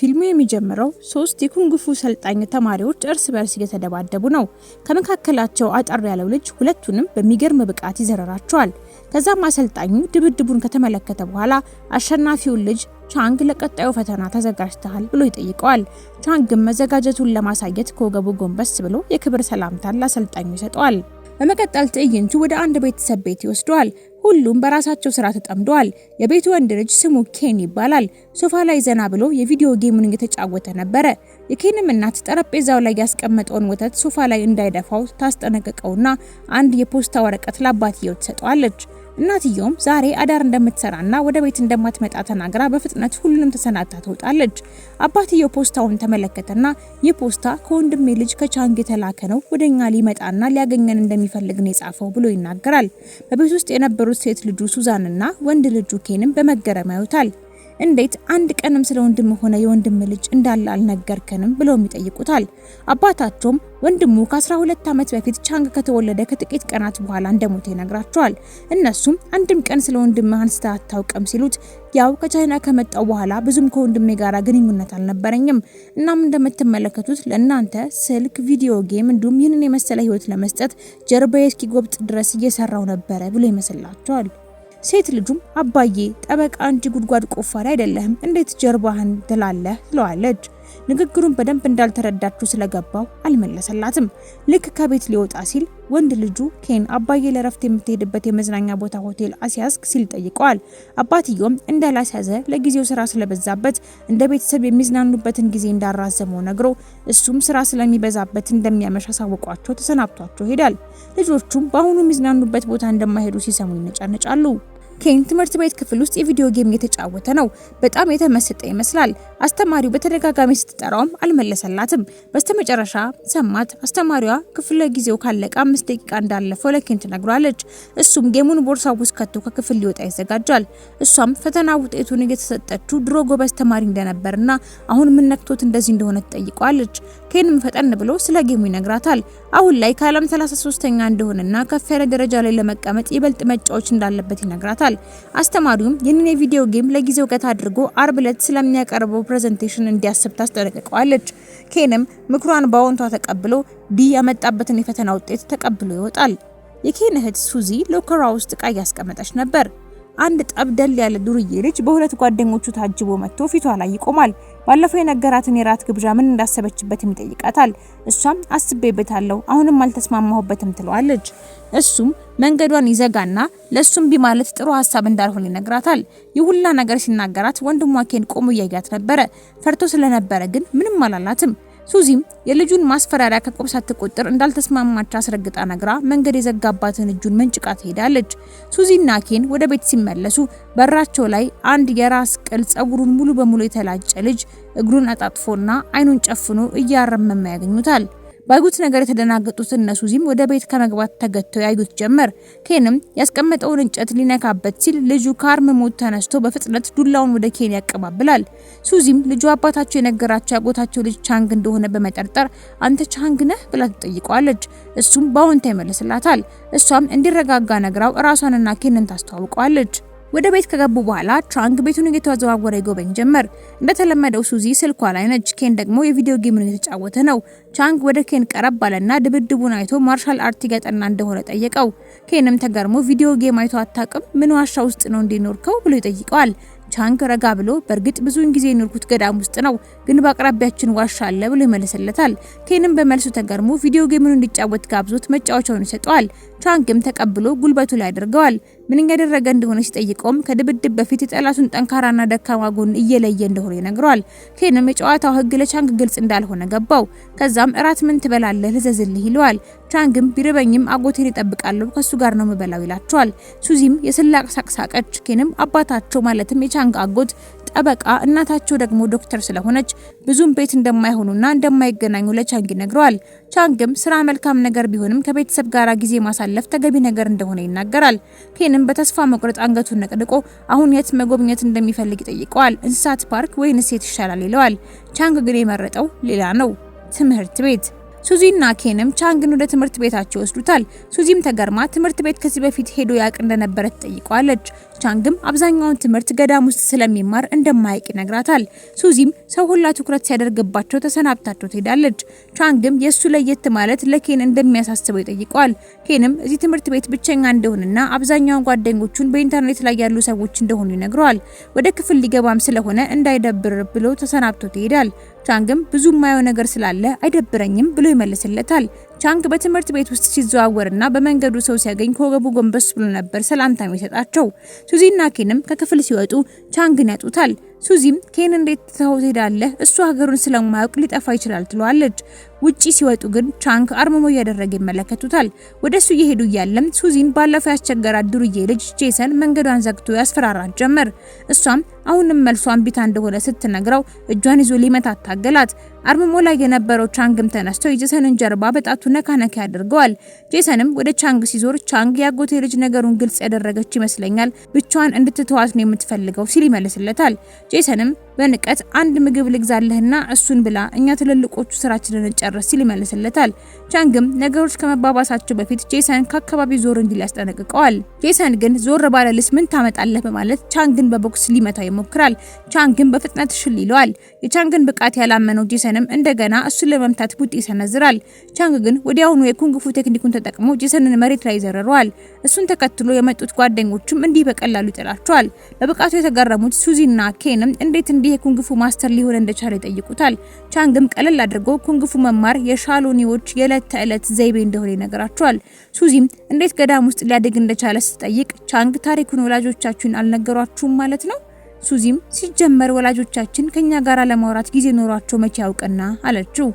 ፊልሙ የሚጀምረው ሶስት የኩንግፉ ሰልጣኝ ተማሪዎች እርስ በርስ እየተደባደቡ ነው። ከመካከላቸው አጠር ያለው ልጅ ሁለቱንም በሚገርም ብቃት ይዘረራቸዋል። ከዛም አሰልጣኙ ድብድቡን ከተመለከተ በኋላ አሸናፊውን ልጅ ቻንግ ለቀጣዩ ፈተና ተዘጋጅተሃል ብሎ ይጠይቀዋል። ቻንግም መዘጋጀቱን ለማሳየት ከወገቡ ጎንበስ ብሎ የክብር ሰላምታን ለአሰልጣኙ ይሰጠዋል። በመቀጠል ትዕይንቱ ወደ አንድ ቤተሰብ ቤት ይወስደዋል። ሁሉም በራሳቸው ስራ ተጠምደዋል። የቤቱ ወንድ ልጅ ስሙ ኬን ይባላል። ሶፋ ላይ ዘና ብሎ የቪዲዮ ጌሙን እየተጫወተ ነበረ። የኬንም እናት ጠረጴዛው ላይ ያስቀመጠውን ወተት ሶፋ ላይ እንዳይደፋው ታስጠነቅቀውና አንድ የፖስታ ወረቀት ለአባትየው ትሰጠዋለች። እናትየውም ዛሬ አዳር እንደምትሰራና ወደ ቤት እንደማትመጣ ተናግራ በፍጥነት ሁሉንም ተሰናድታ ትወጣለች። አባትየው ፖስታውን ተመለከተና ይህ ፖስታ ከወንድሜ ልጅ ከቻንግ የተላከ ነው፣ ወደኛ ሊመጣና ሊያገኘን እንደሚፈልግ ነው የጻፈው ብሎ ይናገራል። በቤት ውስጥ የነበሩት ሴት ልጁ ሱዛንና ወንድ ልጁ ኬንም በመገረም ያዩታል። እንዴት አንድ ቀንም ስለ ወንድም ሆነ የወንድም ልጅ እንዳለ አልነገርከንም ብለውም ይጠይቁታል። አባታቸውም ወንድሙ ከ12 ዓመት በፊት ቻንግ ከተወለደ ከጥቂት ቀናት በኋላ እንደሞተ ይነግራቸዋል። እነሱም አንድም ቀን ስለ ወንድም አንስተህ አታውቅም ሲሉት ያው ከቻይና ከመጣው በኋላ ብዙም ከወንድሜ ጋር ግንኙነት አልነበረኝም። እናም እንደምትመለከቱት ለእናንተ ስልክ፣ ቪዲዮ ጌም እንዲሁም ይህንን የመሰለ ህይወት ለመስጠት ጀርባዬ እስኪጎብጥ ድረስ እየሰራው ነበረ ብሎ ይመስላቸዋል። ሴት ልጁም አባዬ ጠበቃ እንጂ ጉድጓድ ቆፋሪ አይደለህም፣ እንዴት ጀርባህን ትላለህ? ትለዋለች። ንግግሩን በደንብ እንዳልተረዳችሁ ስለገባው አልመለሰላትም። ልክ ከቤት ሊወጣ ሲል ወንድ ልጁ ኬን አባዬ ለረፍት የምትሄድበት የመዝናኛ ቦታ ሆቴል አስያዝክ ሲል ጠይቀዋል። አባትየውም እንዳላስያዘ ለጊዜው ስራ ስለበዛበት እንደ ቤተሰብ የሚዝናኑበትን ጊዜ እንዳራዘመው ነግሮ እሱም ስራ ስለሚበዛበት እንደሚያመሽ አሳውቋቸው ተሰናብቷቸው ይሄዳል። ልጆቹም በአሁኑ የሚዝናኑበት ቦታ እንደማይሄዱ ሲሰሙ ይነጫነጫሉ። ኬን ትምህርት ቤት ክፍል ውስጥ የቪዲዮ ጌም እየተጫወተ ነው። በጣም የተመሰጠ ይመስላል። አስተማሪው በተደጋጋሚ ስትጠራውም አልመለሰላትም። በስተመጨረሻ ሰማት። አስተማሪዋ ክፍለ ጊዜው ካለቀ አምስት ደቂቃ እንዳለፈው ለኬን ትነግሯለች። እሱም ጌሙን ቦርሳ ውስጥ ከቶ ከክፍል ሊወጣ ይዘጋጃል። እሷም ፈተና ውጤቱን እየተሰጠችው ድሮ ጎበዝ ተማሪ እንደነበርና አሁን ምን ነክቶት እንደዚህ እንደሆነ ትጠይቋለች። ኬንም ፈጠን ብሎ ስለ ጌሙ ይነግራታል። አሁን ላይ ከዓለም 33ኛ እንደሆነና ከፍ ያለ ደረጃ ላይ ለመቀመጥ ይበልጥ መጫዎች እንዳለበት ይነግራታል። ተናግረዋል። አስተማሪውም ይህንን የቪዲዮ ጌም ለጊዜው እውቀት አድርጎ አርብ ዕለት ስለሚያቀርበው ፕሬዘንቴሽን እንዲያስብ ታስጠነቅቀዋለች። ኬንም ምክሯን በአዎንታ ተቀብሎ ዲ ያመጣበትን የፈተና ውጤት ተቀብሎ ይወጣል። የኬን እህት ሱዚ ሎከሯ ውስጥ እቃ እያስቀመጠች ነበር። አንድ ጠብደል ያለ ዱርዬ ልጅ በሁለት ጓደኞቹ ታጅቦ መጥቶ ፊቷ ላይ ይቆማል። ባለፈው የነገራትን የራት ግብዣ ምን እንዳሰበችበትም ይጠይቃታል። እሷም አስቤበታለሁ፣ አሁንም አልተስማማሁበትም ትለዋለች። እሱም መንገዷን ይዘጋና ለሱም ቢማለት ጥሩ ሀሳብ እንዳልሆነ ይነግራታል። የሁላ ነገር ሲናገራት ወንድሟ ኬን ቆሞ እያያት ነበረ። ፈርቶ ስለነበረ ግን ምንም አላላትም። ሱዚም የልጁን ማስፈራሪያ ከቁብ ሳትቆጥር እንዳልተስማማች አስረግጣ ነግራ መንገድ የዘጋባትን እጁን መንጭቃ ትሄዳለች። ሱዚና ኬን ወደ ቤት ሲመለሱ በራቸው ላይ አንድ የራስ ቅል ጸጉሩን ሙሉ በሙሉ የተላጨ ልጅ እግሩን አጣጥፎና አይኑን ጨፍኖ እያረመመ ያገኙታል። ባዩት ነገር የተደናገጡት እነሱ ዚም ወደ ቤት ከመግባት ተገተው ያዩት ጀመር። ኬንም ያስቀመጠውን እንጨት ሊነካበት ሲል ልጁ ከአርምሞት ተነስቶ በፍጥነት ዱላውን ወደ ኬን ያቀባብላል። ሱዚም ልጁ አባታቸው የነገራቸው ያጎታቸው ልጅ ቻንግ እንደሆነ በመጠርጠር አንተ ቻንግ ነህ ብላ ትጠይቀዋለች። እሱም በአዎንታ ይመልስላታል። እሷም እንዲረጋጋ ነግራው ራሷንና ኬንን ታስተዋውቀዋለች። ወደ ቤት ከገቡ በኋላ ቻንግ ቤቱን እየተዘዋወረ ይጎበኝ ጀመር። እንደተለመደው ሱዚ ስልኳ ላይ ነች፣ ኬን ደግሞ የቪዲዮ ጌምን እየተጫወተ ነው። ቻንግ ወደ ኬን ቀረብ አለና ድብድቡን አይቶ ማርሻል አርት እያጠና እንደሆነ ጠየቀው። ኬንም ተገርሞ ቪዲዮ ጌም አይቶ አታውቅም? ምን ዋሻ ውስጥ ነው እንዲኖርከው ብሎ ይጠይቀዋል። ቻንግ ረጋ ብሎ በእርግጥ ብዙውን ጊዜ የኖርኩት ገዳም ውስጥ ነው፣ ግን በአቅራቢያችን ዋሻ አለ ብሎ ይመልስለታል። ኬንም በመልሱ ተገርሞ ቪዲዮ ጌሙን እንዲጫወት ጋብዞት መጫወቻውን ይሰጠዋል። ቻንግም ተቀብሎ ጉልበቱ ላይ ያደርገዋል። ምን እያደረገ እንደሆነ ሲጠይቀውም ከድብድብ በፊት የጠላቱን ጠንካራና ደካማ ጎን እየለየ እንደሆነ ይነግረዋል። ኬንም የጨዋታው ህግ ለቻንግ ግልጽ እንዳልሆነ ገባው። ከዛም እራት ምን ትበላለህ ልዘዝልህ ይለዋል። ቻንግም ቢርበኝም አጎቴን ይጠብቃለሁ ከሱ ጋር ነው ምበላው ይላቸዋል። ሱዚም የስላቅ ሳቅሳቀች። ኬንም አባታቸው ማለትም የቻንግ አጎት ጠበቃ እናታቸው ደግሞ ዶክተር ስለሆነች ብዙም ቤት እንደማይሆኑና እንደማይገናኙ ለቻንግ ይነግረዋል። ቻንግም ስራ መልካም ነገር ቢሆንም ከቤተሰብ ጋር ጊዜ ማሳለፍ ተገቢ ነገር እንደሆነ ይናገራል። ኬንም በተስፋ መቁረጥ አንገቱን ነቅድቆ አሁን የት መጎብኘት እንደሚፈልግ ይጠይቀዋል። እንስሳት ፓርክ ወይንስ የት ይሻላል ይለዋል። ቻንግ ግን የመረጠው ሌላ ነው፣ ትምህርት ቤት። ሱዚና ኬንም ቻንግን ወደ ትምህርት ቤታቸው ይወስዱታል። ሱዚም ተገርማ ትምህርት ቤት ከዚህ በፊት ሄዶ ያቅ እንደነበረ ትጠይቀዋለች። ቻንግም አብዛኛውን ትምህርት ገዳም ውስጥ ስለሚማር እንደማያውቅ ይነግራታል። ሱዚም ሰው ሁላ ትኩረት ሲያደርግባቸው ተሰናብታቸው ትሄዳለች። ቻንግም የእሱ ለየት ማለት ለኬን እንደሚያሳስበው ይጠይቀዋል። ኬንም እዚህ ትምህርት ቤት ብቸኛ እንደሆነና አብዛኛውን ጓደኞቹን በኢንተርኔት ላይ ያሉ ሰዎች እንደሆኑ ይነግረዋል። ወደ ክፍል ሊገባም ስለሆነ እንዳይደብር ብሎ ተሰናብቶ ትሄዳል። ቻንግም ብዙ የማየው ነገር ስላለ አይደብረኝም ብሎ ይመልስለታል። ቻንግ በትምህርት ቤት ውስጥ ሲዘዋወርና በመንገዱ ሰው ሲያገኝ ከወገቡ ጎንበስ ብሎ ነበር ሰላምታ የሚሰጣቸው። ሱዚና ኬንም ከክፍል ሲወጡ ቻንግን ያጡታል። ሱዚም ኬን እንዴት ተው ትሄዳለህ? እሱ ሀገሩን ስለማያውቅ ሊጠፋ ይችላል ትለዋለች። ውጪ ሲወጡ ግን ቻንክ አርምሞ እያደረገ ይመለከቱታል። ወደሱ እየሄዱ እያለም ሱዚን ባለፈው ያስቸገራት ዱርዬ ልጅ ጄሰን መንገዷን ዘግቶ ያስፈራራት ጀመር። እሷም አሁንም መልሷን ቢታ እንደሆነ ስትነግረው እጇን ይዞ ሊመታት አታገላት። አርምሞ ላይ የነበረው ቻንግም ተነስቶ የጄሰንን ጀርባ በጣቱ ነካነካ ያደርገዋል። ጄሰንም ወደ ቻንግ ሲዞር ቻንግ ያጎቴ ልጅ ነገሩን ግልጽ ያደረገች ይመስለኛል፣ ብቻዋን እንድትተዋት ነው የምትፈልገው ሲል ይመልስለታል። ጄሰንም በንቀት አንድ ምግብ ልግዛለህና እሱን ብላ፣ እኛ ትልልቆቹ ስራችንን እንጨርስ ሲል ይመልስለታል። ቻንግም ነገሮች ከመባባሳቸው በፊት ጄሰን ከአካባቢ ዞር እንዲል ያስጠነቅቀዋል። ጄሰን ግን ዞር ባለልስ ምን ታመጣለህ በማለት ቻንግን በቦክስ ሊመታው ይሞክራል። ቻንግን በፍጥነት ሽል ይለዋል። የቻንግን ብቃት ያላመነው ጄሰንም እንደገና እሱን ለመምታት ቡጢ ይሰነዝራል። ቻንግ ግን ወዲያውኑ የኩንግፉ ቴክኒኩን ተጠቅሞ ጄሰንን መሬት ላይ ይዘረረዋል። እሱን ተከትሎ የመጡት ጓደኞቹም እንዲህ በቀላሉ ይጥላቸዋል። በብቃቱ የተገረሙት ሱዚና ኬንም እንዴት እንዲህ የኩንግፉ ማስተር ሊሆን እንደቻለ ይጠይቁታል። ቻንግም ቀለል አድርጎ ኩንግፉ መማር የሻሎኒዎች የዕለት ተዕለት ዘይቤ እንደሆነ ይነግራቸዋል። ሱዚም እንዴት ገዳም ውስጥ ሊያድግ እንደቻለ ስትጠይቅ ቻንግ ታሪኩን ወላጆቻችሁን አልነገሯችሁም ማለት ነው? ሱዚም ሲጀመር ወላጆቻችን ከኛ ጋር ለማውራት ጊዜ ኖሯቸው መቼ ያውቅና አለችው።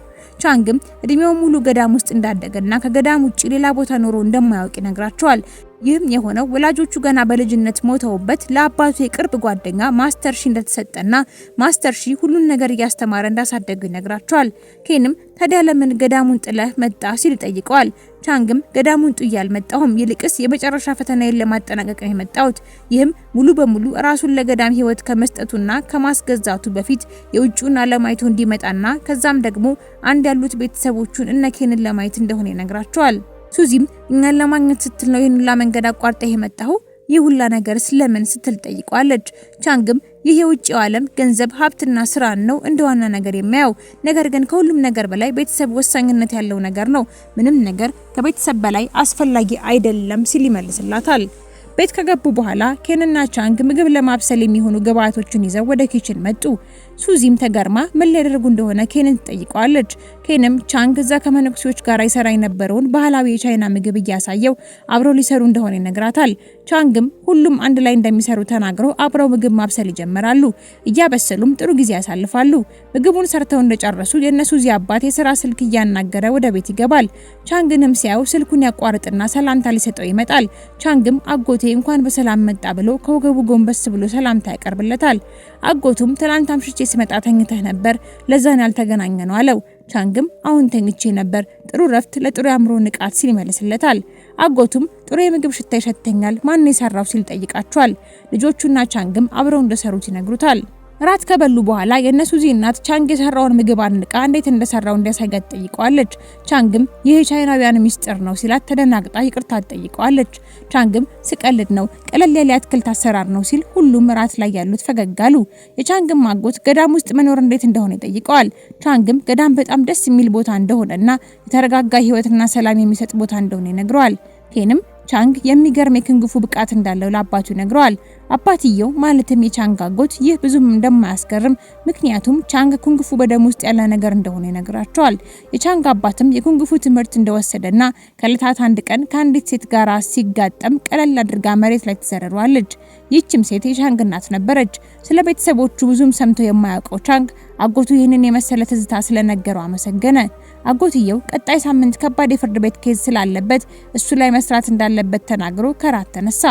ቻንግም እድሜው ሙሉ ገዳም ውስጥ እንዳደገና ከገዳም ውጭ ሌላ ቦታ ኖሮ እንደማያውቅ ይነግራቸዋል። ይህም የሆነው ወላጆቹ ገና በልጅነት ሞተውበት ለአባቱ የቅርብ ጓደኛ ማስተር ሺ እንደተሰጠና ማስተር ሺ ሁሉን ነገር እያስተማረ እንዳሳደጉ ይነግራቸዋል። ኬንም ታዲያ ለምን ገዳሙን ጥለህ መጣ ሲል ይጠይቀዋል። ቻንግም ገዳሙን ጥዬ አልመጣሁም፣ ይልቅስ የመጨረሻ ፈተናዬን ለማጠናቀቅ ነው የመጣሁት። ይህም ሙሉ በሙሉ ራሱን ለገዳም ህይወት ከመስጠቱና ከማስገዛቱ በፊት የውጭውን ዓለም አይቶ እንዲመጣና ከዛም ደግሞ አንድ ያሉት ቤተሰቦቹን እነ ኬንን ለማየት እንደሆነ ይነግራቸዋል። ሱዚም እኛን ለማግኘት ስትል ነው ይህን ሁላ መንገድ አቋርጣ የመጣሁ ይህ ሁላ ነገር ስለምን ስትል ጠይቋለች። ቻንግም ይህ የውጭው ዓለም ገንዘብ ሀብትና ስራን ነው እንደ ዋና ነገር የሚያየው። ነገር ግን ከሁሉም ነገር በላይ ቤተሰብ ወሳኝነት ያለው ነገር ነው። ምንም ነገር ከቤተሰብ በላይ አስፈላጊ አይደለም ሲል ይመልስላታል። ቤት ከገቡ በኋላ ኬንና ቻንግ ምግብ ለማብሰል የሚሆኑ ግብአቶችን ይዘው ወደ ኪችን መጡ። ሱዚም ተገርማ ምን ሊያደርጉ እንደሆነ ኬንን ትጠይቀዋለች። ኬንም ቻንግ እዛ ከመነኩሴዎች ጋር ይሰራ የነበረውን ባህላዊ የቻይና ምግብ እያሳየው አብረው ሊሰሩ እንደሆነ ይነግራታል። ቻንግም ሁሉም አንድ ላይ እንደሚሰሩ ተናግረው አብረው ምግብ ማብሰል ይጀምራሉ። እያበሰሉም ጥሩ ጊዜ ያሳልፋሉ። ምግቡን ሰርተው እንደጨረሱ የእነ ዚያ አባት የስራ ስልክ እያናገረ ወደ ቤት ይገባል። ቻንግንም ሲያው ስልኩን ያቋርጥና ሰላምታ ሊሰጠው ይመጣል። ቻንግም አጎቴ እንኳን በሰላም መጣ ብሎ ከወገቡ ጎንበስ ብሎ ሰላምታ ያቀርብለታል። አጎቱም ትላንት አምሽቼ ስመጣ ተኝተህ ነበር፣ ለዛን ያልተገናኘ ነው አለው። ቻንግም አሁን ተኝቼ ነበር፣ ጥሩ ረፍት ለጥሩ የአእምሮ ንቃት ሲል ይመልስለታል። አጎቱም ጥሩ የምግብ ሽታ ይሸተኛል፣ ማን የሰራው ሲል ጠይቃቸዋል። ልጆቹና ቻንግም አብረው እንደሰሩት ይነግሩታል። ራት ከበሉ በኋላ የእነሱዚ እናት ቻንግ የሰራውን ምግብ አንቃ እንዴት እንደሰራው እንዲያሳያት ጠይቀዋለች። ቻንግም ይህ ቻይናውያን ሚስጥር ነው ሲላት ተደናግጣ ይቅርታ ጠይቀዋለች። ቻንግም ስቀልድ ነው፣ ቀለል ያለ አትክልት አሰራር ነው ሲል ሁሉም ራት ላይ ያሉት ፈገግ አሉ። የቻንግም ማጎት ገዳም ውስጥ መኖር እንዴት እንደሆነ ይጠይቀዋል። ቻንግም ገዳም በጣም ደስ የሚል ቦታ እንደሆነና የተረጋጋ ህይወትና ሰላም የሚሰጥ ቦታ እንደሆነ ይነግረዋል። ኬንም ቻንግ የሚገርም የክንግፉ ብቃት እንዳለው ለአባቱ ነግረዋል። አባትየው ማለትም የቻንግ አጎት ይህ ብዙም እንደማያስገርም ምክንያቱም ቻንግ ኩንግፉ በደም ውስጥ ያለ ነገር እንደሆነ ይነግራቸዋል። የቻንግ አባትም የኩንግፉ ትምህርት እንደወሰደና ከእለታት አንድ ቀን ከአንዲት ሴት ጋር ሲጋጠም ቀለል አድርጋ መሬት ላይ ትዘረሯለች። ይህችም ሴት የቻንግ እናት ነበረች። ስለ ቤተሰቦቹ ብዙም ሰምተው የማያውቀው ቻንግ አጎቱ ይህንን የመሰለ ትዝታ ስለነገረው አመሰገነ። አጎትየው ቀጣይ ሳምንት ከባድ የፍርድ ቤት ኬዝ ስላለበት እሱ ላይ መስራት እንዳለበት ተናግሮ ከራት ተነሳ።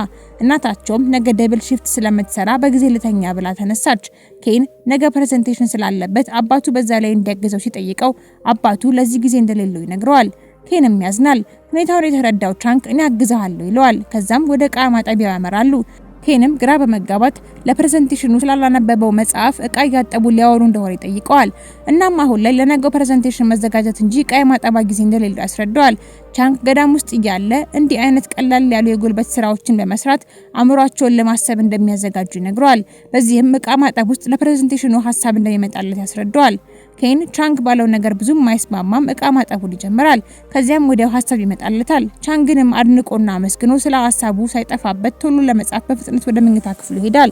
እናታቸውም ነገ ደብል ሺፍት ስለምትሰራ በጊዜ ልተኛ ብላ ተነሳች። ኬን ነገ ፕሬዘንቴሽን ስላለበት አባቱ በዛ ላይ እንዲያግዘው ሲጠይቀው አባቱ ለዚህ ጊዜ እንደሌለው ይነግረዋል። ኬንም ያዝናል። ሁኔታውን የተረዳው ቻንክ እኔ አግዝሃለሁ ይለዋል። ከዛም ወደ ዕቃ ማጠቢያው ያመራሉ። ኬንም ግራ በመጋባት ለፕሬዘንቴሽኑ ስላላነበበው መጽሐፍ እቃ እያጠቡ ሊያወሩ እንደሆነ ይጠይቀዋል። እናም አሁን ላይ ለነገው ፕሬዘንቴሽን መዘጋጀት እንጂ እቃ የማጠባ ጊዜ እንደሌለ ያስረዳዋል። ቻንክ ገዳም ውስጥ እያለ እንዲህ አይነት ቀላል ያሉ የጉልበት ስራዎችን በመስራት አእምሯቸውን ለማሰብ እንደሚያዘጋጁ ይነግረዋል። በዚህም እቃ ማጠብ ውስጥ ለፕሬዘንቴሽኑ ሀሳብ እንደሚመጣለት ያስረዳዋል። ኬን ቻንግ ባለው ነገር ብዙም ማይስማማም እቃ ማጠቡን ይጀምራል። ከዚያም ወዲያው ሀሳብ ይመጣለታል። ቻንግንም አድንቆና አመስግኖ ስለ ሀሳቡ ሳይጠፋበት ቶሎ ለመጻፍ በፍጥነት ወደ መኝታ ክፍሉ ይሄዳል።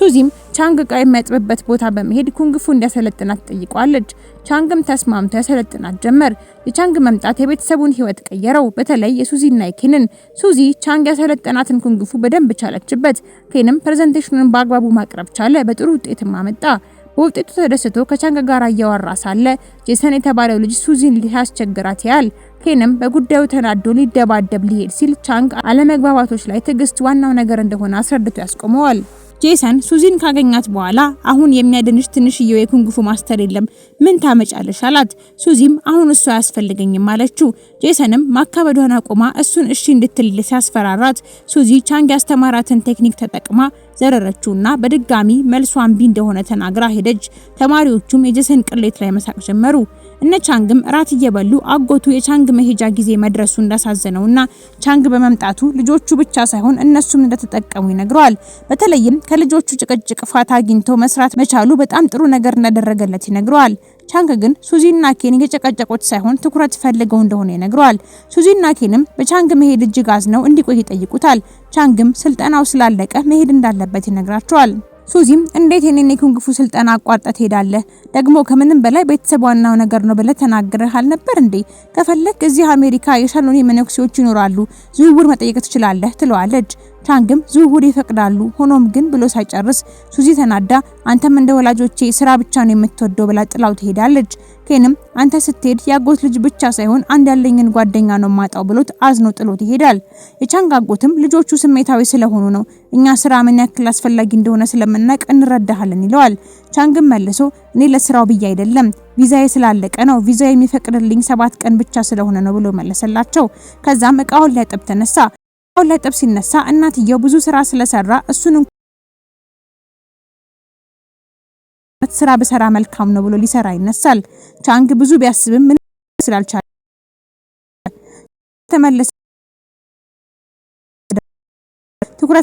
ሱዚም ቻንግ እቃ የሚያጥብበት ቦታ በመሄድ ኩንግፉ እንዲያሰለጥናት ትጠይቀዋለች። ቻንግም ተስማምቶ ያሰለጥናት ጀመር። የቻንግ መምጣት የቤተሰቡን ህይወት ቀየረው፣ በተለይ የሱዚና የኬንን። ሱዚ ቻንግ ያሰለጠናትን ኩንግፉ በደንብ ቻለችበት። ኬንም ፕሬዘንቴሽኑን በአግባቡ ማቅረብ ቻለ፣ በጥሩ ውጤትም አመጣ። በውጤቱ ተደስቶ ከቻንግ ጋር እያወራ ሳለ ጄሰን የተባለው ልጅ ሱዚን ሊያስቸግራት ያል። ኬንም በጉዳዩ ተናዶ ሊደባደብ ሊሄድ ሲል ቻንግ አለመግባባቶች ላይ ትዕግስት ዋናው ነገር እንደሆነ አስረድቶ ያስቆመዋል። ጄሰን ሱዚን ካገኛት በኋላ አሁን የሚያድንሽ ትንሽዬው የኩንጉፉ ማስተር የለም፣ ምን ታመጫለሽ አላት። ሱዚም አሁን እሱ አያስፈልገኝም አለችው። ጄሰንም ማካበዷን አቁማ እሱን እሺ እንድትል ሲያስፈራራት ሱዚ ቻንግ ያስተማራትን ቴክኒክ ተጠቅማ ዘረረችውና በድጋሚ መልሷን ቢ እንደሆነ ተናግራ ሄደች። ተማሪዎቹም የጄሰን ቅሌት ላይ መሳቅ ጀመሩ። እነ ቻንግም ራት እየበሉ አጎቱ የቻንግ መሄጃ ጊዜ መድረሱ እንዳሳዘነውና ቻንግ በመምጣቱ ልጆቹ ብቻ ሳይሆን እነሱም እንደተጠቀሙ ይነግረዋል። በተለይም ከልጆቹ ጭቅጭቅ ፋታ አግኝቶ መስራት መቻሉ በጣም ጥሩ ነገር እንዳደረገለት ይነግረዋል። ቻንግ ግን ሱዚና ኬን እየጨቀጨቁት ሳይሆን ትኩረት ፈልገው እንደሆነ ይነግረዋል። ሱዚና ኬንም በቻንግ መሄድ እጅግ አዝነው እንዲቆይ ይጠይቁታል። ቻንግም ስልጠናው ስላለቀ መሄድ እንዳለበት ይነግራቸዋል። ሱዚም እንዴት የኔን የኩንግፉ ስልጠና አቋርጠ ትሄዳለህ? ደግሞ ከምንም በላይ ቤተሰብ ዋናው ነገር ነው ብለህ ተናግረህ አልነበር እንዴ? ከፈለክ እዚህ አሜሪካ የሻሎኒ መነኩሴዎች ይኖራሉ፣ ዝውውር መጠየቅ ትችላለህ ትለዋለች። ቻንግም ዝውውር ይፈቅዳሉ። ሆኖም ግን ብሎ ሳይጨርስ ሱዚ ተናዳ አንተም እንደ ወላጆቼ ስራ ብቻ ነው የምትወደው ብላ ጥላው ትሄዳለች። ኬንም አንተ ስትሄድ ያጎት ልጅ ብቻ ሳይሆን አንድ ያለኝን ጓደኛ ነው ማጣው ብሎት አዝኖ ጥሎት ይሄዳል። የቻንግ አጎትም ልጆቹ ስሜታዊ ስለሆኑ ነው እኛ ስራ ምን ያክል አስፈላጊ እንደሆነ ስለምናቅ እንረዳሃለን ይለዋል። ቻንግም መልሶ እኔ ለስራው ብዬ አይደለም ቪዛዬ ስላለቀ ነው ቪዛ የሚፈቅድልኝ ሰባት ቀን ብቻ ስለሆነ ነው ብሎ መለሰላቸው። ከዛም እቃውን ሊያጠብ ተነሳ። አሁን ለጥብ ሲነሳ እናትየው ብዙ ስራ ስለሰራ እሱን ስራ በሰራ መልካም ነው ብሎ ሊሰራ ይነሳል። ቻንግ ብዙ ቢያስብም ምን ስላልቻለ ተመለሰ።